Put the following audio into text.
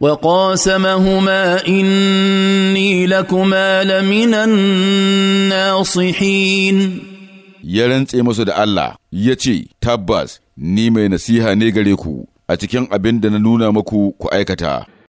وقاسمهما إني لكما لمن الناصحين ya rantse musu da Allah ya ce, Tabbas, ni mai nasiha ne gare ku a cikin abin da na nuna maku ku aikata.